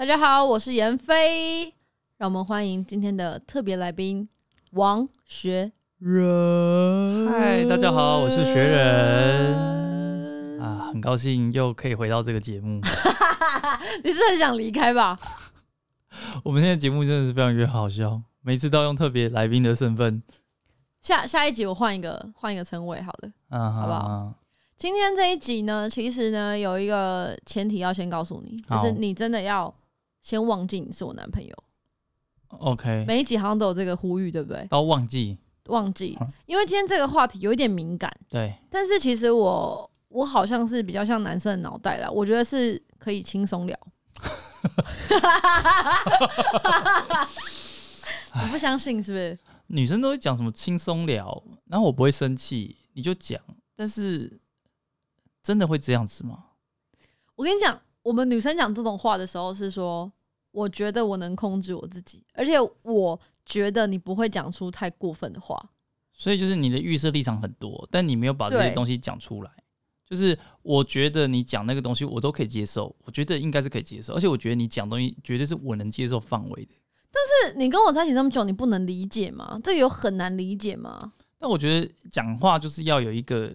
大家好，我是閆飛，讓我們歡迎今天的特別來賓王學仁。嗨，Hi, 大家好，我是學仁啊，很高興又可以回到這個節目。 你是很想離開吧？ 我們現在節目真的是非常越好笑，每次都要用特別來賓的身份。下下一集我換一個換一個稱謂，好的，嗯，好不好？今天這一集呢，其實呢有一個前提要先告訴你，就是你真的要。先忘記你是我男朋友，OK，每一集好像都有這個呼籲，對不對？然後忘記，忘記、嗯，因為今天這個話題有一點敏感，對。但是其實我，我好像是比較像男生的腦袋啦，我覺得是可以輕鬆聊。 我不相信，是不是？女生都會講什麼輕鬆聊，然後我不會生氣，你就講。但是真的會這樣子嗎？我跟你講。我們女生講這種話的時候是說，我覺得我能控制我自己，而且我覺得你不會講出太過分的話。所以就是你的預設立場很多，但你沒有把這些東西講出來。就是我覺得你講那個東西，我都可以接受。我覺得應該是可以接受，而且我覺得你講東西絕對是我能接受範圍的。但是你跟我在一起這麼久，你不能理解嗎？這個有很難理解嗎？但我覺得講話就是要有一個。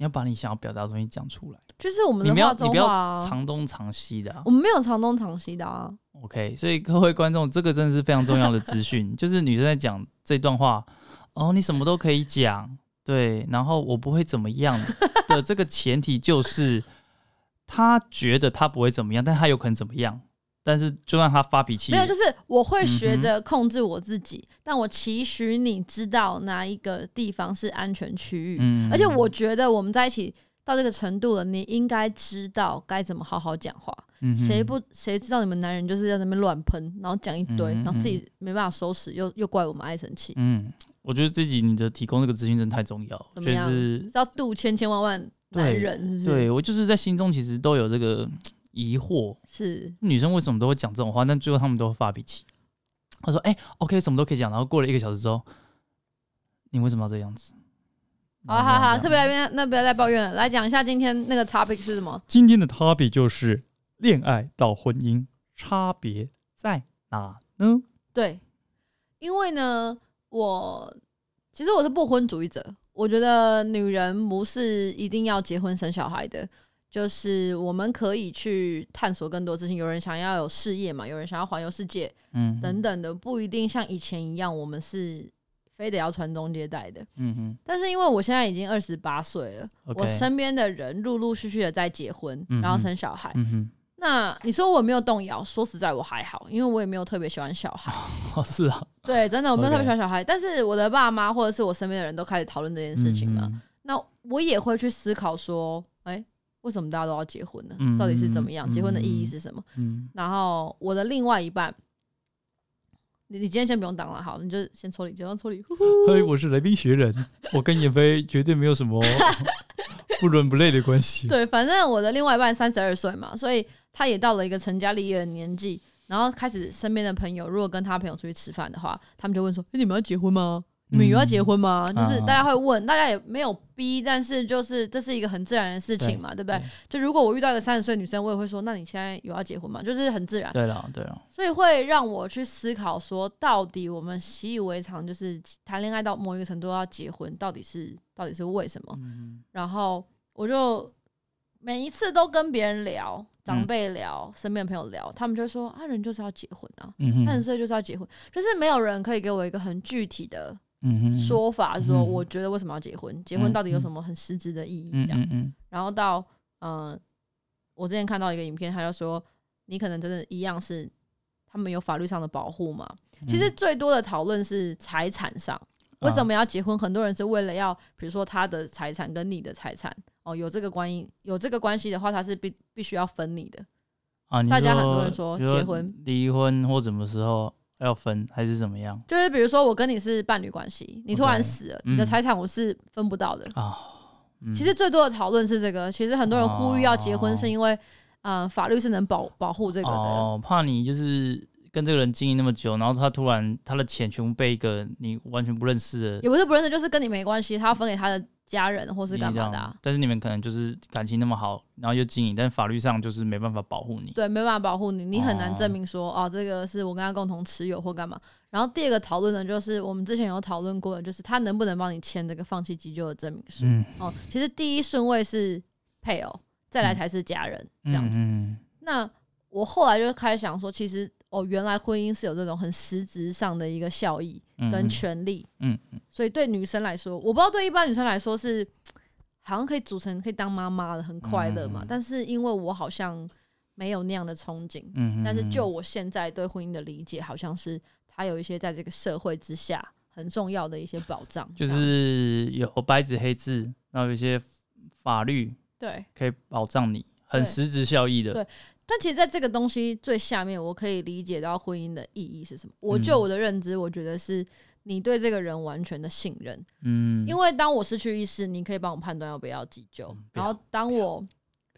你要把你想要表達的東西講出來，就是我們話中話、啊、你不要你不要藏東藏西的、啊。我們沒有藏東藏西的啊。OK，所以各位觀眾，這個真的是非常重要的資訊。 就是女生在講這段話，哦，你什麼都可以講，對，然後我不會怎麼樣的這個前提，就是 她覺得她不會怎麼樣，但她有可能怎麼樣。但是就讓他發脾氣，沒有，就是我會學着控制我自己，嗯、但我期許你知道哪一個地方是安全區域、嗯，而且我覺得我們在一起到這個程度了，你應該知道該怎麼好好講話，誰、嗯、不誰知道你們男人就是在那邊亂噴，然後講一堆、嗯，然後自己沒辦法收拾，又又怪我們愛生氣，嗯，我覺得自己你的提供這個諮詢真的太重要，怎麼樣？就是、是要度千千萬萬男人，是不是？對我就是在心中其實都有這個。疑惑是女生為什麼都會講這種話？但最後他們都會發脾氣。他說：“哎、欸，OK，什麼都可以講。”然後過了一個小時之後，你為什麼要這樣子？好、啊、怎樣怎樣好、啊、好、啊，特別來邊那不要再抱怨了，來講一下今天那個 topic 是什麼？今天的 topic 就是戀愛到婚姻差別在哪呢？對，因為呢，我其實我是不婚主義者，我覺得女人不是一定要結婚生小孩的。就是我們可以去探索更多事情。有人想要有事業嘛？有人想要環遊世界、嗯，等等的，不一定像以前一樣，我們是非得要傳宗接代的、嗯，但是因為我現在已經二十八歲了、okay，我身邊的人陸陸續續的在結婚，嗯、然後生小孩、嗯，那你說我沒有動搖？說實在，我還好，因為我也沒有特別喜歡小孩，哦， 是啊、喔，對，真的我沒有特別喜歡小孩、okay，但是我的爸媽或者是我身邊的人都開始討論這件事情了、嗯嗯，那我也會去思考說。為什麼大家都要結婚呢、嗯？到底是怎麼樣？結婚的意義是什麼？嗯嗯、然後我的另外一半你，你你今天先不用擋了，好，你就先抽離，假裝抽離。嘿，hey, 我是來賓學人，我跟嚴飛絕對沒有什麼不倫不類的關係。 對，反正我的另外一半三十二歲嘛，所以他也到了一個成家立業的年紀，然後開始身邊的朋友，如果跟他朋友出去吃飯的話，他們就問說：“誒、哎，你們要結婚嗎？”嗯、你有要結婚嗎？就是大家會問、啊，大家也沒有逼，但是就是這是一個很自然的事情嘛，對，對不對，對？就如果我遇到一個三十歲女生，我也會說，那你現在有要結婚嗎？就是很自然。對了、喔，對了。所以會讓我去思考說，說到底我們習以為常，就是談戀愛到某一個程度要結婚，到底是，到底是為什麼？嗯、然後我就每一次都跟別人聊，長輩聊，嗯、身邊的朋友聊，他們就說啊，人就是要結婚啊，三十歲就是要結婚，就是沒有人可以給我一個很具體的。嗯、哼，說法說，我覺得為什麼要結婚？嗯、結婚到底有什麼很實質的意義？這樣、嗯嗯嗯嗯嗯，然後到嗯、呃，我之前看到一個影片，他就說，你可能真的一樣是他們有法律上的保護嘛、嗯？其實最多的討論是財產上、嗯，為什麼要結婚？很多人是為了要，比如說他的財產跟你的財產哦，有這個關係，有這個關係的話，他是必必須要分你的、啊、你說大家很多人說結婚、離婚或什麼時候？要分還是怎麼樣？就是比如說，我跟你是伴侶關係，你突然死了，okay, 嗯、你的財產我是分不到的啊、哦嗯。其實最多的討論是這個，其實很多人呼籲要結婚，是因為、哦呃，法律是能保保護這個的。哦，怕你就是跟這個人經營那麼久，然後他突然他的錢全部被一個你完全不認識的，也不是不認識，就是跟你沒關係，他要分給他的。家人或是幹嘛的、啊？但是你們可能就是感情那麼好，然後又經營，但法律上就是沒辦法保護你。對，沒辦法保護你，你很難證明說哦，哦，這個是我跟他共同持有或幹嘛。然後第二個討論呢，就是我們之前有討論過的，就是他能不能幫你簽這個放棄急救的證明書？嗯、哦，其實第一順位是配偶，再來才是家人、嗯、這樣子。嗯、那我後來就開始想說，其實。哦，原來婚姻是有這種很實質上的一個效益跟權利，嗯，嗯，所以對女生來說，我不知道對一般女生來說是好像可以組成、可以當媽媽的，很快樂嘛，嗯。但是因為我好像沒有那樣的憧憬，嗯，但是就我現在對婚姻的理解，好像是它有一些在這個社會之下很重要的一些保障，就是有白紙黑字，然後有一些法律對可以保障你很實質效益的。對。對。但其實，在這個東西最下面，我可以理解到婚姻的意義是什麼。我就我的認知，我覺得是你對這個人完全的信任。嗯，因為當我失去意識，你可以幫我判斷要不要急救。然後，當我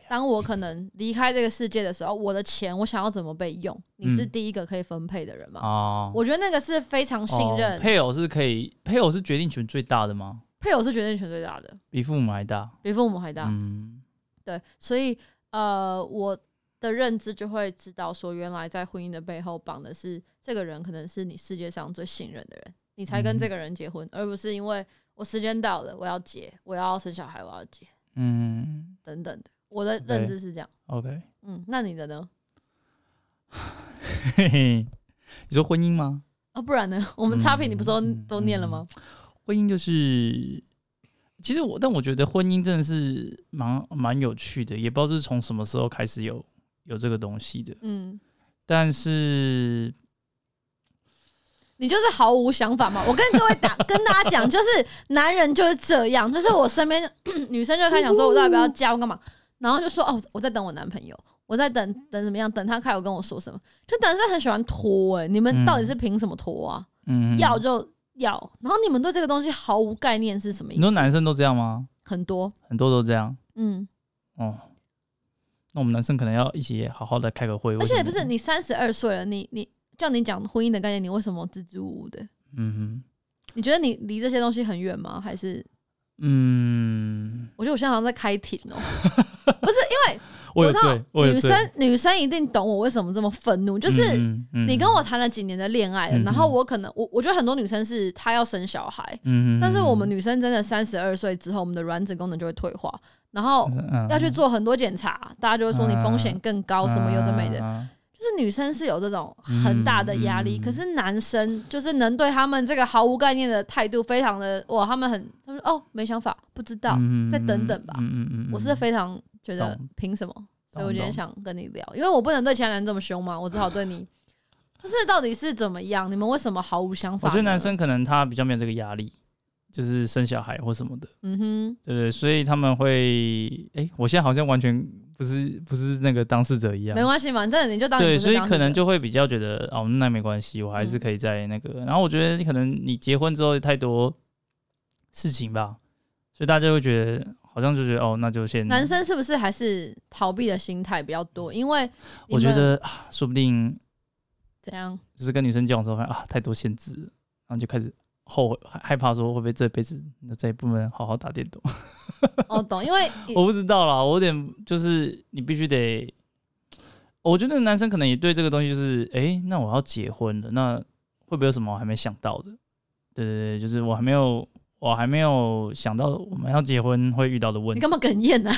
當我可能離開這個世界的時候，我的錢我想要怎麼被用，你是第一個可以分配的人嗎？我覺得那個是非常信任。配偶是可以，配偶是決定權最大的嗎？配偶是決定權最大的，比父母還大，比父母還大。嗯，對，所以呃，我。的認知就會知道，說原來在婚姻的背後綁的是這個人，可能是你世界上最信任的人，你才跟這個人結婚，嗯、而不是因為我時間到了，我要結，我要生小孩，我要結，嗯等等的。我的認知是這樣。OK，okay，嗯，那你的呢？嘿嘿，你說婚姻嗎？啊、哦，不然呢？我們差評，你不是都都念了嗎？嗯嗯。婚姻就是，其實我但我覺得婚姻真的是蠻蠻有趣的，也不知道是從什麼時候開始有。有這個東西的，嗯，但是你就是毫無想法嘛？我跟各位打， 跟大家講，就是男人就是這樣。就是我身邊 女生就開始想說，我到底不要交幹嘛、嗯？然後就說哦，我在等我男朋友，我在等等怎麼樣？等他開口跟我說什麼？就男生很喜歡拖哎、欸，你們到底是憑什麼拖啊？嗯，要就要，然後你們對這個東西毫無概念是什麼意思？很多男生都這樣嗎？很多很多都這樣，嗯，哦。那我們男生可能要一起好好的開個會。而且不是你三十二歲了，你你叫你講婚姻的概念，你為什麼支支吾吾的？嗯哼，你覺得你離這些東西很遠嗎？還是嗯，我覺得我現在好像在開庭哦、喔。 不是因為我知道我我女生女生一定懂我為什麼這麼憤怒，就是你跟我談了幾年的戀愛、嗯，然後我可能我我覺得很多女生是她要生小孩，嗯哼，但是我們女生真的三十二歲之後，我們的卵子功能就會退化。然後要去做很多檢查、嗯，大家就會說你風險更高、嗯，什麼有的沒的、嗯，就是女生是有這種很大的壓力、嗯嗯。可是男生就是能對他們這個毫無概念的態度，非常的哇，他們很，他們說哦沒想法，不知道，嗯、再等等吧、嗯嗯嗯嗯。我是非常覺得憑什麼，所以我今天想跟你聊，因為我不能對其他男人這麼兇嘛，我只好對你、嗯，就是到底是怎麼樣，你們為什麼毫無想法？我覺得男生可能他比較沒有這個壓力。就是生小孩或什麼的，嗯哼，對對，所以他們會，哎、欸，我現在好像完全不是不是那個當事者一樣，沒關係嘛，反正你就當，當事者對，所以可能就會比較覺得哦，那沒關係，我還是可以在那個。嗯、然後我覺得你可能你結婚之後太多事情吧，所以大家會覺得好像就覺得哦，那就先。男生是不是還是逃避的心態比較多？因為我覺得啊，說不定這樣，就是跟女生交往時候啊，太多限制，然後就開始。後悔害怕說，會不會這輩子再也不能好好打電動。哦？我懂，因為 我不知道啦。我有點就是你必須得，我覺得男生可能也對這個東西就是、欸，哎，那我要結婚了，那會不會有什麼我還沒想到的？對對對，就是我還沒有，我還沒有想到我們要結婚會遇到的問題。你幹嘛哽咽呢，啊？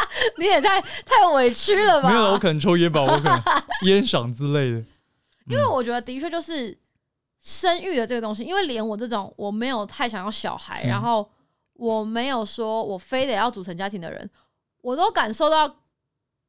你也太太委屈了吧？沒有，我可能抽菸吧，我可能菸嗓之類的。因為我覺得的確就是。生育的這個東西，因為連我這種，我沒有太想要小孩，然後我沒有說我非得要組成家庭的人，我都感受到。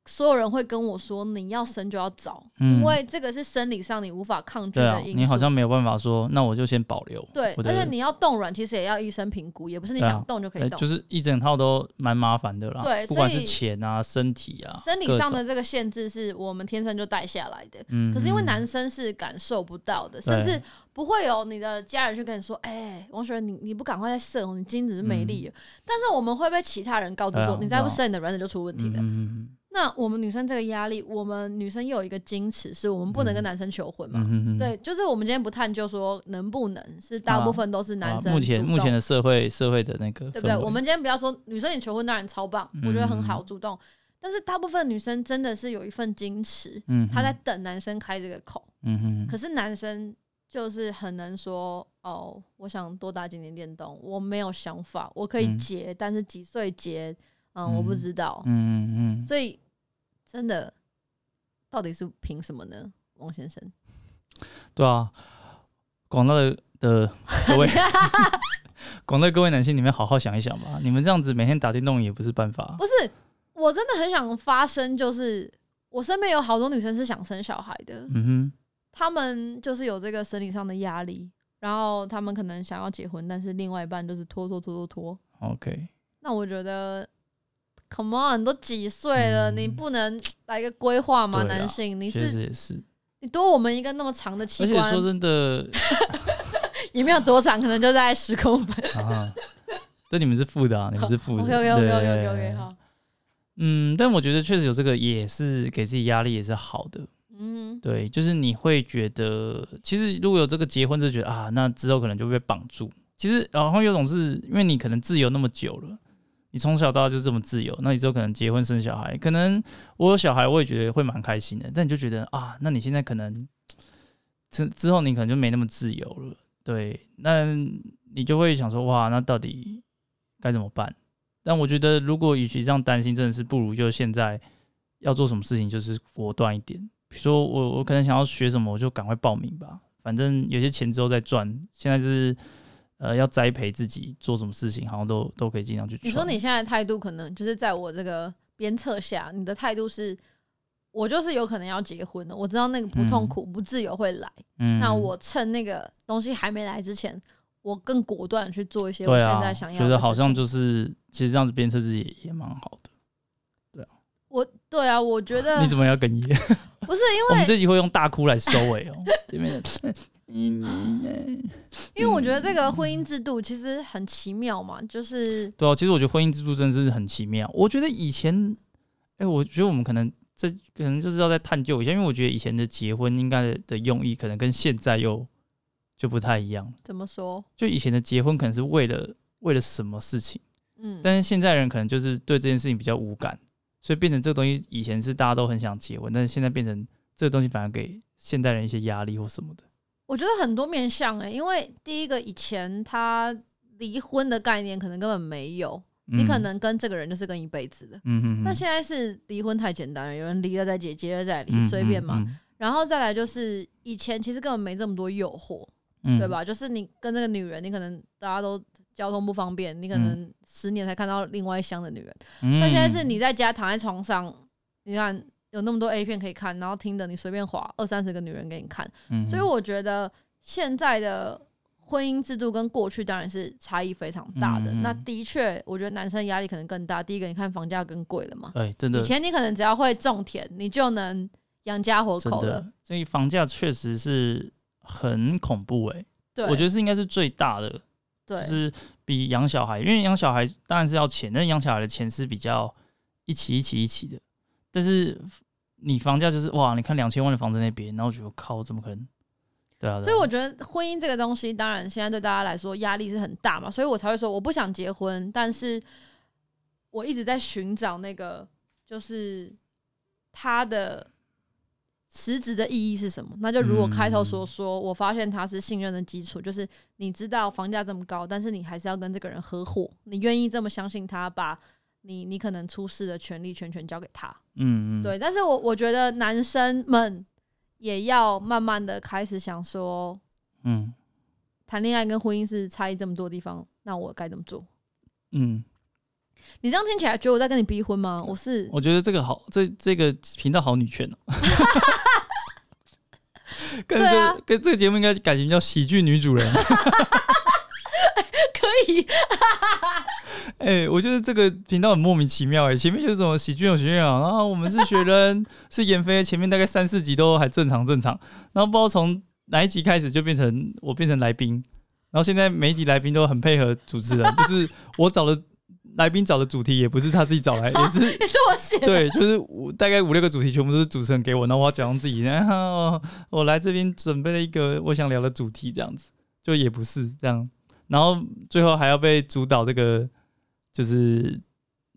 所有人會跟我說：“你要生就要早，嗯、因為這個是生理上你無法抗拒的因素、啊。你好像沒有辦法說，那我就先保留。對，而且你要凍卵，其實也要醫生評估，也不是你想凍就可以凍，啊欸、就是一整套都蠻麻煩的啦。對所以，不管是錢啊、身體啊，生理上的這個限制是我們天生就帶下來的。可是因為男生是感受不到的，嗯嗯甚至不會有你的家人去跟你說：‘哎、欸，王學仁你你不趕快再射，你精子是沒力了。嗯’但是我們會被其他人告知說：‘哎、你再不射，你的卵子就出問題了。嗯嗯嗯’那我們女生這個壓力，我們女生又有一個矜持，是我們不能跟男生求婚嘛？嗯、哼哼對，就是我們今天不探究說能不能，是大部分都是男生，啊啊。目前目前的社會社會的那個，對不對，對？我們今天不要說女生你求婚當然超棒，我覺得很好主動，嗯、但是大部分女生真的是有一份矜持，她、嗯、在等男生開這個口。嗯，可是男生就是很難說哦，我想多打幾年電動，我沒有想法，我可以結，嗯，但是幾歲結？嗯，嗯，我不知道。嗯嗯嗯。所以，真的，到底是憑什麼呢，王先生？對啊，廣大的、呃、各位， 廣大的各位，廣大各位男性，你們好好想一想吧。你們這樣子每天打電動也不是辦法。不是，我真的很想發聲，就是我身邊有好多女生是想生小孩的。嗯哼，他們就是有這個生理上的壓力，然後他們可能想要結婚，但是另外一半就是拖拖拖拖拖。OK，那我覺得。Come on，你都幾歲了，嗯，你不能來個規劃嗎？男性，啊，你是，確實也是，你多我們一個那麼長的器官，而且說真的，你 沒有多長，可能就在十公分，啊。這 你們是負的，啊， 你們是負的。有、okay, okay, okay,，有、okay, okay, okay，有，有，有，有。有嗯，但我覺得確實有這個，也是給自己壓力，也是好的。嗯，對，就是你會覺得，其實如果有這個結婚，就覺得啊，那之後可能就會被綁住。其實，然後有種是因為你可能自由那麼久了。你從小到大就這麼自由，那你之後可能結婚生小孩，可能我有小孩我也覺得會蠻開心的。但你就覺得啊，那你現在可能之之後你可能就沒那麼自由了，對？那你就會想說哇，那到底該怎麼辦？但我覺得如果與其這樣擔心，真的是不如就現在要做什麼事情就是果斷一點。比如說我我可能想要學什麼，我就趕快報名吧，反正有些錢之後再賺。現在就是。呃，要栽培自己做什麼事情，好像都都可以盡量去。你說你現在態度可能就是在我這個鞭策下，你的態度是，我就是有可能要結婚了。我知道那個不痛苦、嗯、不自由會來，嗯，那我趁那個東西還沒來之前，我更果斷去做一些我現在想要的、啊、覺得好像就是，其實這樣子鞭策自己也蠻好的，對啊，我對啊，我覺得 你怎麼要哽咽？不是因為 我們這集會用大哭來收尾、欸、哦、喔，對 裡面的笑嗯，因為我覺得這個婚姻制度其實很奇妙嘛，就是對啊，其實我覺得婚姻制度真的是很奇妙。我覺得以前，哎、欸，我覺得我們可能這可能就是要再探究一下，因為我覺得以前的結婚應該的，的用意可能跟現在又就不太一樣。怎麼說？就以前的結婚可能是為了為了什麼事情？嗯，但是現在人可能就是對這件事情比較無感，所以變成這個東西以前是大家都很想結婚，但是現在變成這個東西反而給現代人一些壓力或什麼的。我覺得很多面向誒、欸，因為第一個以前他離婚的概念可能根本沒有、嗯，你可能跟這個人就是跟一輩子的。嗯、哼哼，但那現在是離婚太簡單了，有人離了再結，結了再離，隨便嘛嗯嗯嗯。然後再來就是以前其實根本沒這麼多誘惑、嗯，對吧？就是你跟這個女人，你可能大家都交通不方便，你可能十年才看到另外一箱的女人。那、嗯嗯、現在是你在家躺在床上，你看。有那麼多 A 片可以看，然後聽的你隨便滑二三十個女人給你看，嗯，所以我覺得現在的婚姻制度跟過去當然是差異非常大的。嗯，那的確，我覺得男生壓力可能更大。第一個，你看房價更貴了嘛。對，真的。以前你可能只要會種田，你就能養家活口了。所以房價確實是很恐怖，欸，哎，對，我覺得是應該是最大的，對，就是比養小孩，因為養小孩當然是要錢，但養小孩的錢是比較一起一起一起的。但是你房價就是哇，你看兩千萬的房子那邊，然後我覺得靠，怎麼可能？對啊，啊啊、所以我覺得婚姻這個東西，當然現在對大家來說壓力是很大嘛，所以我才會說我不想結婚，但是我一直在尋找那個，就是他的辭職的意義是什麼？那就如果開頭所說，說，我發現他是信任的基礎，就是你知道房價這麼高，但是你還是要跟這個人合夥，你願意這麼相信他把。你你可能出事的權利全權交給他，嗯嗯，對。但是我我覺得男生們也要慢慢的開始想說，嗯，談戀愛跟婚姻是差異這麼多地方，那我該怎麼做？嗯，你這樣聽起來覺得我在跟你逼婚嗎？我，我是，我覺得這個好，這這個頻道好女權、哦 跟，啊、跟這個跟這個節目應該改名叫喜劇女主人 哈哈哈，哎，我覺得這個頻道很莫名其妙，欸。哎，前面就是什麼喜劇有學院啊，然後我們是學生， 是研飛。前面大概三四集都還正常正常，然後不知道從哪一集開始就變成我變成來賓，然後現在每一集來賓都很配合主持人，就是我找的來賓找的主題，也不是他自己找來， 也是也是我寫。 對，就是五大概五六個主題，全部都是主持人給我，然後我要假裝自己，然後我來這邊準備了一個我想聊的主題，這樣子就也不是這樣。然後最後還要被主導這個，就是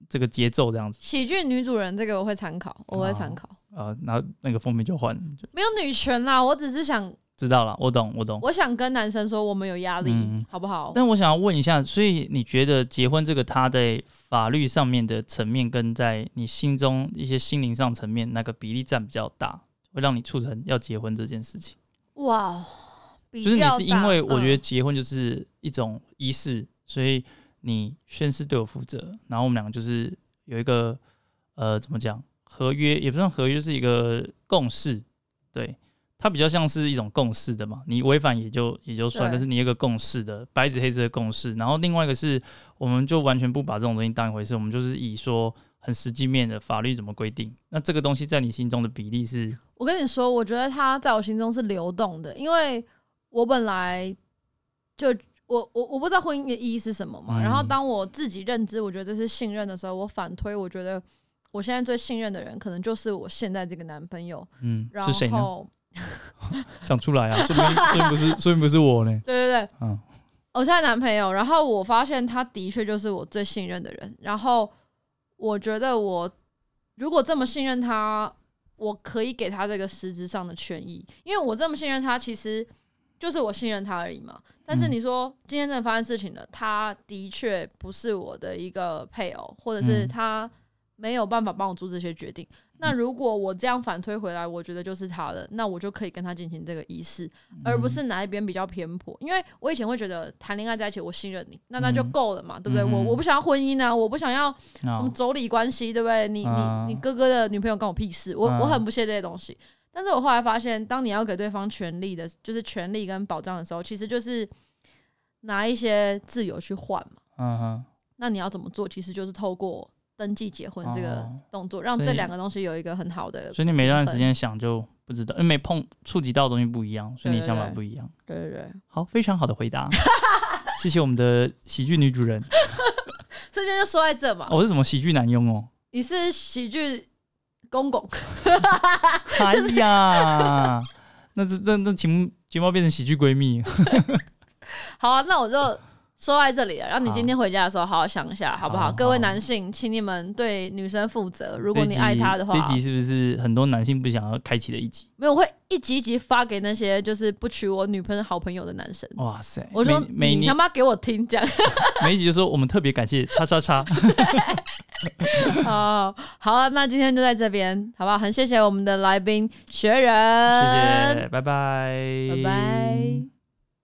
這個節奏這樣子。喜劇女主人這個我會參考，oh, 我會參考。啊、呃，然後那個封面就換就，沒有女權啦，我只是想知道啦，我懂，我懂。我想跟男生說，我們有壓力、嗯，好不好？但我想要問一下，所以你覺得結婚這個，它在法律上面的層面，跟在你心中一些心靈上層面，那個比例占比較大，會讓你促成要結婚這件事情？哇、wow.。就是你是因為我覺得結婚就是一種儀式、嗯，所以你宣誓對我負責，然後我們兩個就是有一個呃，怎麼講合約也不算合約，就是一個共識，對，它比較像是一種共識的嘛。你違反也就也就算，但是你有個共識的白紙黑字的共識。然後另外一個是，我們就完全不把這種東西當一回事，我們就是以說很實際面的法律怎麼規定。那這個東西在你心中的比例是？我跟你說，我覺得它在我心中是流動的，因為。我本來就我我我不知道婚姻的意義是什麼嘛，嗯，然後當我自己認知，我覺得這是信任的時候，我反推，我覺得我現在最信任的人，可能就是我現在這個男朋友。嗯，然後是誰呢 想出來啊？所以不是，所 以不是我呢？對對對，嗯，我現在男朋友，然後我發現他的確就是我最信任的人，然後我覺得我如果這麼信任他，我可以給他這個實質上的權益，因為我這麼信任他，其實。就是我信任他而已嘛、嗯。但是你說今天真的發生事情了，他的確不是我的一個配偶，或者是他沒有辦法幫我做這些決定、嗯。那如果我這樣反推回來，我覺得就是他的，那我就可以跟他進行這個儀式、嗯，而不是哪一邊比較偏頗。因為我以前會覺得談戀愛在一起，我信任你，那那就夠了嘛、嗯，對不對？嗯嗯，我我不想要婚姻啊，我不想要什麼妯娌關係，對不對？你、呃、你你哥哥的女朋友關我屁事，我、呃、我很不屑這些東西。但是我後來發現，當你要給對方權利的,就是權利跟保障的時候，其實就是拿一些自由去換嘛。嗯哼。那你要怎麼做？其實就是透過登記結婚這個動作，uh -huh. 讓這兩個東西有一個很好的所。所以你每段時間想就不知道，因為碰觸及到的東西不一樣，所以你想法不一樣。對對對。好，非常好的回答。 謝謝我們的喜劇女主人。今 天就說在這吧。我、哦、是什麼喜劇男傭哦？你是喜劇。公公， 哎呀，就是、 那這這這情節貓變成喜劇閨蜜， 好啊，那我就。說在這裡了，然後你今天回家的時候好好想一下，好，好不好，好，好？各位男性，請你們對女生負責。如果你愛她的話，這，這集是不是很多男性不想要開啟的一集？沒有，我會一集一集發給那些就是不娶我女朋友好朋友的男生。哇塞！我說，你他媽給我聽講。每一集就說我們特別感謝叉叉叉 好。好好，那今天就在這邊，好不好？很謝謝我們的來賓學人，謝謝，拜拜，拜拜。